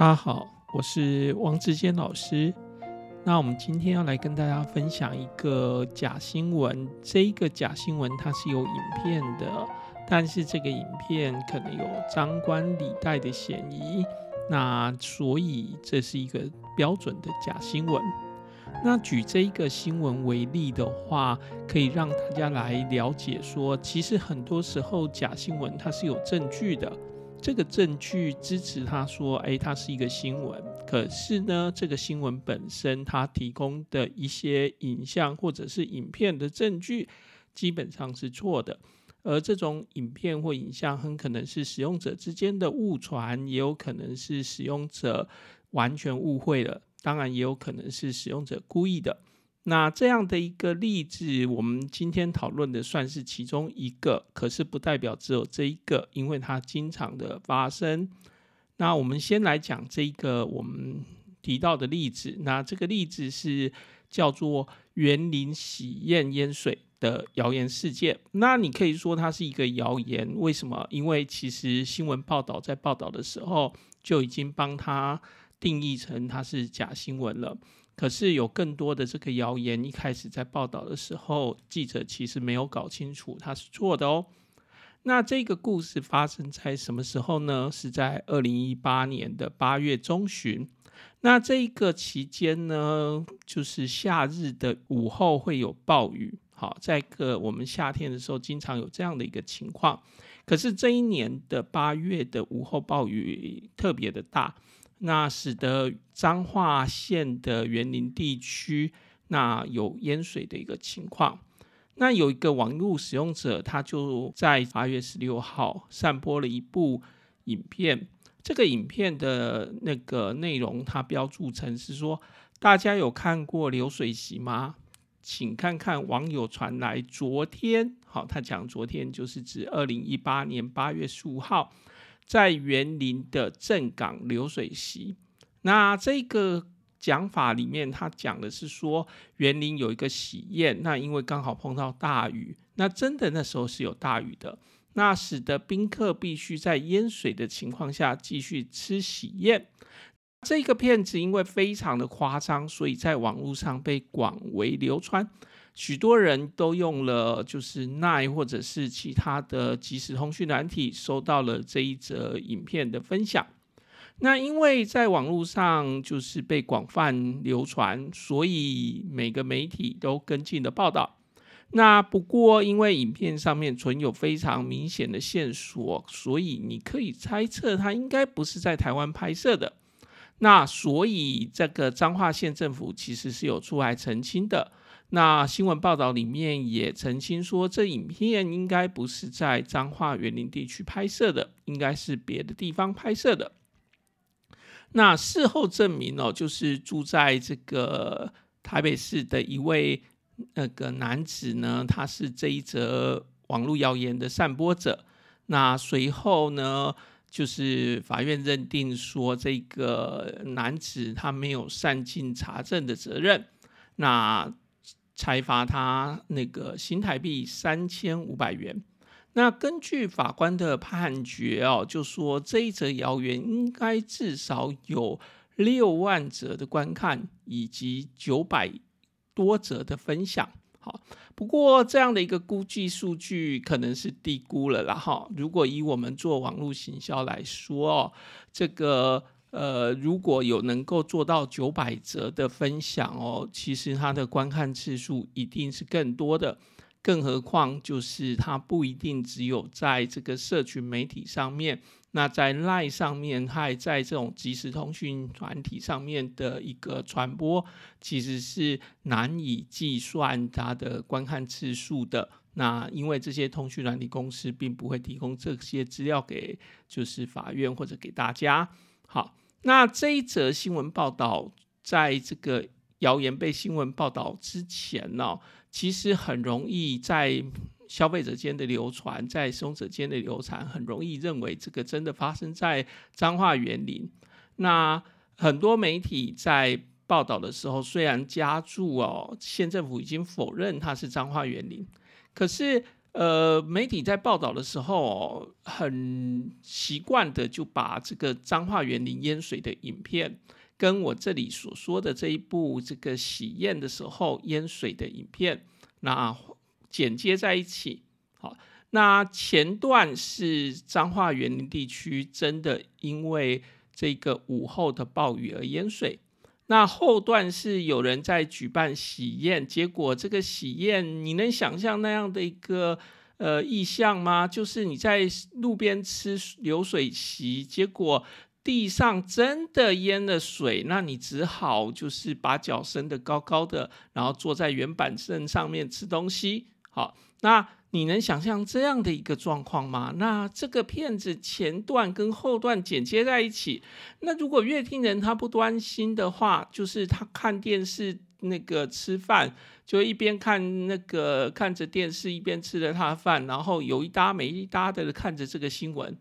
大家好，我是汪志堅老師。那我們今天要來跟大家分享一個假新聞。這一個假新聞它是有影片的，但是這個影片可能有張冠李戴的嫌疑。那所以這是一個標準的假新聞。那舉這一個新聞為例的話，可以讓大家來了解說，其實很多時候假新聞它是有證據的。這個證據支持他說：“哎，它是一個新聞。”可是呢，這個新聞本身，它提供的一些影像或者是影片的證據，基本上是錯的。而這種影片或影像，很可能是使用者之間的誤傳，也有可能是使用者完全誤會了。當然，也有可能是使用者故意的。那這樣的一個例子，我們今天討論的算是其中一個，可是不代表只有這一個，因為它經常的發生。那我們先來講這一個我們提到的例子，那這個例子是叫做“員林喜宴淹水”的謠言事件。那你可以說它是一個謠言，為什麼？因為其實新聞報道在報道的時候就已經幫它定義成它是假新聞了。可是有更多的這個謠言，一開始在報道的時候，記者其實沒有搞清楚他是錯的哦。那這個故事發生在什麼時候呢？是在二零一八年的八月中旬。那這一個期間呢，就是夏日的午後會有暴雨。好，在個我們夏天的時候，經常有這樣的一個情況。可是這一年的八月的午後暴雨特別的大。那使得彰化縣的員林地區，那有淹水的一個情況。那有一個網路使用者，他就在八月十六號散播了一部影片。這個影片的那個內容，他標注成是說，大家有看過流水席嗎？請看看網友傳來昨天，好，他講昨天就是指二零一八年八月十五號。在員林的正港流水席，那這個講法裡面，它講的是說，員林有一個喜宴，那因為剛好碰到大雨，那真的那時候是有大雨的，那使得賓客必須在淹水的情況下繼續吃喜宴。這個片子因為非常的誇張，所以在網絡上被廣為流傳。許多人都用了，就是 LINE 或者是其他的即時通訊軟體，收到了這一則影片的分享。那因為在網絡上就是被廣泛流傳，所以每個媒體都跟進了報道。那不過因為影片上面存有非常明顯的線索，所以你可以猜測它應該不是在台灣拍攝的。那所以這個彰化縣政府其實是有出來澄清的。那新聞報道裡面也澄清說，這影片應該不是在彰化員林地區拍攝的，應該是別的地方拍攝的。那事後證明哦，就是住在這個台北市的一位那個男子呢，他是這一則網絡謠言的散播者。那隨後呢，就是法院認定說，這個男子他沒有善盡查證的責任。那才罰他那個新台幣三千五百元。那根據法官的判決哦，就說這一則謠言應該至少有六萬則的觀看，以及九百多則的分享。好，不過這樣的一個估計數據可能是低估了啦。哈，如果以我們做網絡行銷來說哦，這個。呃，如果有能夠做到九百折的分享哦，其實它的觀看次數一定是更多的。更何況，就是它不一定只有在這個社群媒體上面，那在 Line 上面，還在這種即時通訊軟體上面的一個傳播，其實是難以計算它的觀看次數的。那因為這些通訊軟體公司並不會提供這些資料給，就是法院或者給大家。好。那這一則新聞報道，在這個謠言被新聞報道之前呢、哦，其實很容易在消費者間的流傳，在使用者間的流傳，很容易認為這個真的發生在彰化員林。那很多媒體在報道的時候，雖然加注哦，縣政府已經否認它是彰化員林，可是。呃，媒體在報道的時候、哦，很習慣的就把這個彰化園林淹水的影片，跟我這裡所說的這一部這個喜宴的時候淹水的影片，那剪接在一起。好，那前段是彰化園林地區真的因為這個午後的暴雨而淹水。那後段是有人在舉辦喜宴，結果這個喜宴，你能想象那樣的一個呃意象嗎？就是你在路邊吃流水席，結果地上真的淹了水，那你只好就是把腳伸得高高的，然後坐在圓板凳上面吃東西。好，那你能想象這樣的一個狀況嗎？那這個片子前段跟後段剪接在一起，那如果閱聽人他不專心的話，就是他看電視那個吃飯，就一邊看那個看着電視一邊吃着他的飯，然後有一搭沒一搭的看着這個新聞，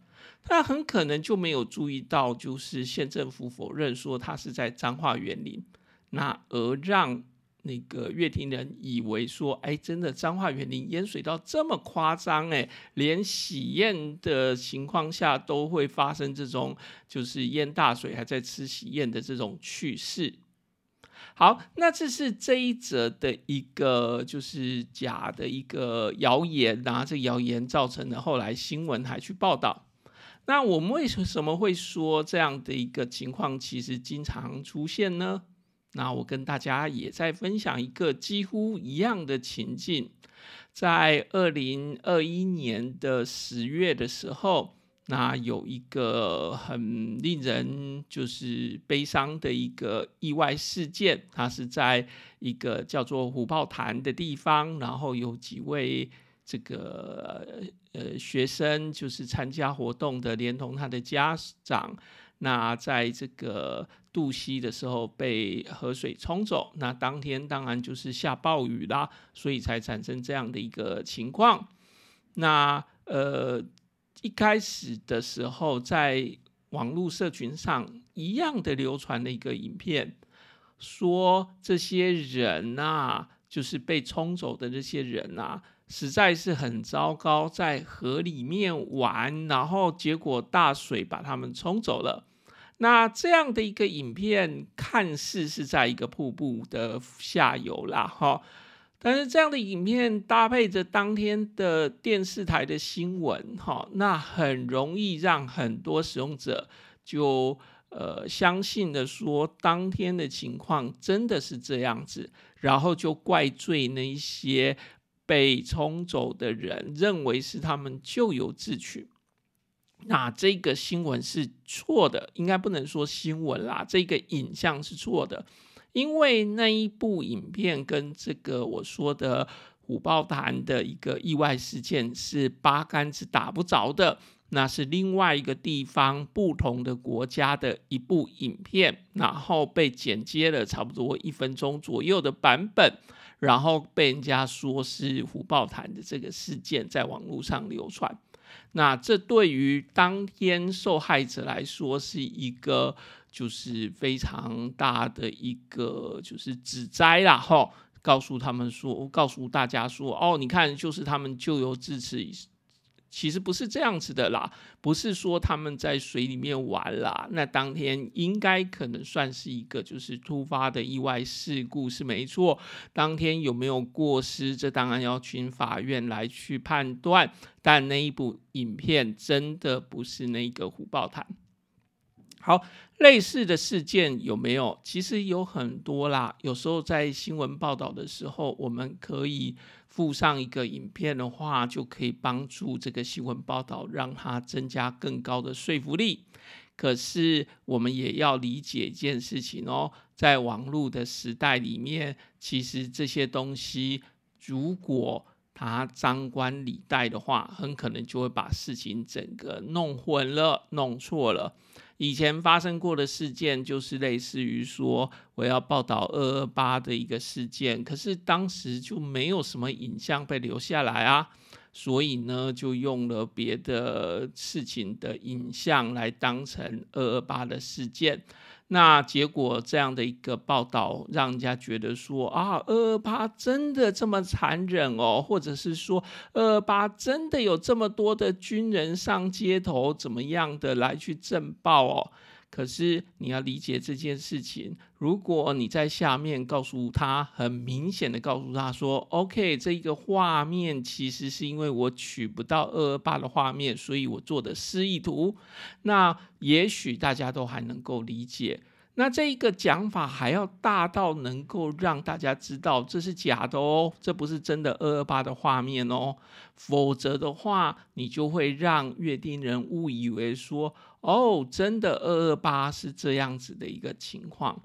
他很可能就沒有注意到，就是縣政府否認說他是在彰化員林，那而讓。那個樂亭人以為說，哎，真的彰化員林淹水到這麼誇張，哎，連喜宴的情況下都會發生這種，就是淹大水還在吃喜宴的這種趣事。好，那這是這一則的一個就是假的一個謠言，啊，拿後這個、謠言造成了後來新聞還去報道那我們為什麼會說這樣的一個情況其實經常出現呢？那我跟大家也在分享一個幾乎一樣的情境，在二零二一年的十月的時候，那有一個很令人就是悲傷的一個意外事件，它是在一個叫做虎豹潭的地方，然後有幾位這個呃學生就是參加活動的，連同他的家長。那在這個渡溪的時候被河水沖走，那當天當然就是下暴雨啦，所以才產生這樣的一個情況。那呃，一開始的時候在網絡社群上一樣的流傳了一個影片，說這些人吶、啊，就是被沖走的這些人吶、啊。實在是很糟糕，在河裡面玩，然後結果大水把他們沖走了。那這樣的一個影片，看似是在一個瀑布的下游啦，哈。但是這樣的影片搭配着當天的電視台的新聞，哈，那很容易讓很多使用者就呃相信的說，當天的情況真的是這樣子，然後就怪罪那一些。被沖走的人認為是他們咎由自取，那這個新聞是錯的，應該不能說新聞啦，這個影像是錯的，因為那一部影片跟這個我說的虎豹潭的一個意外事件是八竿子打不着的，那是另外一個地方不同的國家的一部影片，然後被剪接了差不多一分鐘左右的版本。然後被人家說是虎豹潭的這個事件在網絡上流傳，那這對於當天受害者來說是一個就是非常大的一個就是指摘啦，吼、哦，告訴他們說，我告訴大家說，哦，你看就是他們咎由自取。其實不是這樣子的啦，不是說他們在水裡面玩啦。那當天應該可能算是一個就是突發的意外事故是沒錯。當天有沒有過失，這當然要請法院來去判斷。但那一部影片真的不是那個虎豹潭。好，類似的事件有沒有？其實有很多啦。有時候在新聞報道的時候，我們可以附上一個影片的話，就可以幫助這個新聞報道，讓它增加更高的說服力。可是我們也要理解一件事情哦，在網絡的時代裡面，其實這些東西如果。他張冠李戴的話，很可能就會把事情整個弄混了、弄錯了。以前發生過的事件，就是類似於說，我要報道二二八的一個事件，可是當時就沒有什麼影像被留下來啊，所以呢，就用了別的事情的影像來當成二二八的事件。那結果這樣的一個報道，讓人家覺得說啊，厄巴真的這麼殘忍哦，或者是說，厄巴真的有這麼多的軍人上街頭，怎麼樣的來去鎮暴哦？可是你要理解這件事情，如果你在下面告訴他，很明顯的告訴他說，OK，這一個畫面其實是因為我取不到二二八的畫面，所以我做的示意圖，那也許大家都還能夠理解。那這一個講法還要大到能夠讓大家知道這是假的哦，這不是真的二二八的畫面哦，否則的話你就會讓閱聽人誤以為說，哦，真的二二八是這樣子的一個情況。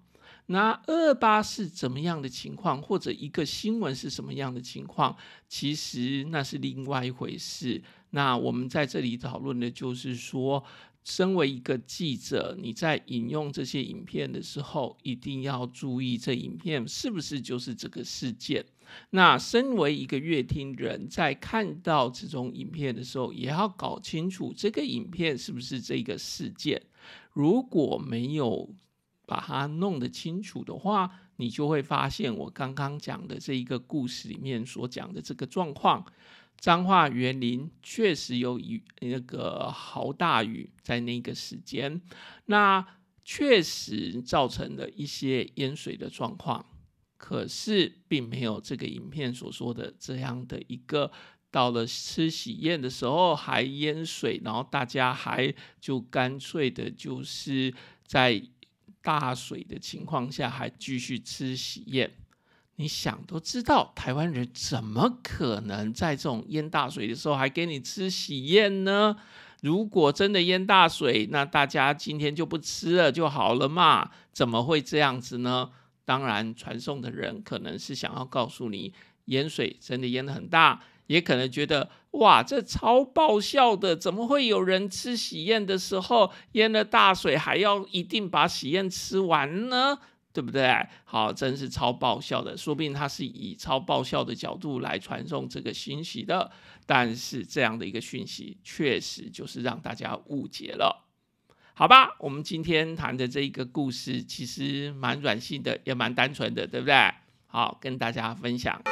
那二二八是怎麼樣的情況，或者一個新聞是什麼樣的情況，其實那是另外一回事。那我們在這裡討論的就是說。身為一個記者，你在引用這些影片的時候，一定要注意這影片是不是就是這個事件。那身為一個閱聽人，在看到這種影片的時候，也要搞清楚這個影片是不是這個事件。如果沒有把它弄得清楚的話，你就會發現我剛剛講的這一個故事裡面所講的這個狀況。彰化員林確實有雨，那個豪大雨在那個時間，那確實造成了一些淹水的狀況。可是，並沒有這個影片所說的這樣的一個，到了吃喜宴的時候還淹水，然後大家還就乾脆的就是在大水的情況下還繼續吃喜宴。你想都知道，台灣人怎麼可能在這種淹大水的時候還給你吃喜宴呢？如果真的淹大水，那大家今天就不吃了就好了嘛？怎麼會這樣子呢？當然，傳送的人可能是想要告訴你，淹水真的淹得很大，也可能覺得哇，這超爆笑的，怎麼會有人吃喜宴的時候淹了大水，還要一定把喜宴吃完呢？對不對？好，真是超爆笑的，說不定他是以超爆笑的角度來傳送這個信息的。但是這樣的一個訊息，確實就是讓大家誤解了，好吧？我們今天談的這一個故事，其實蠻軟性的，也蠻單純的，對不對？好，跟大家分享。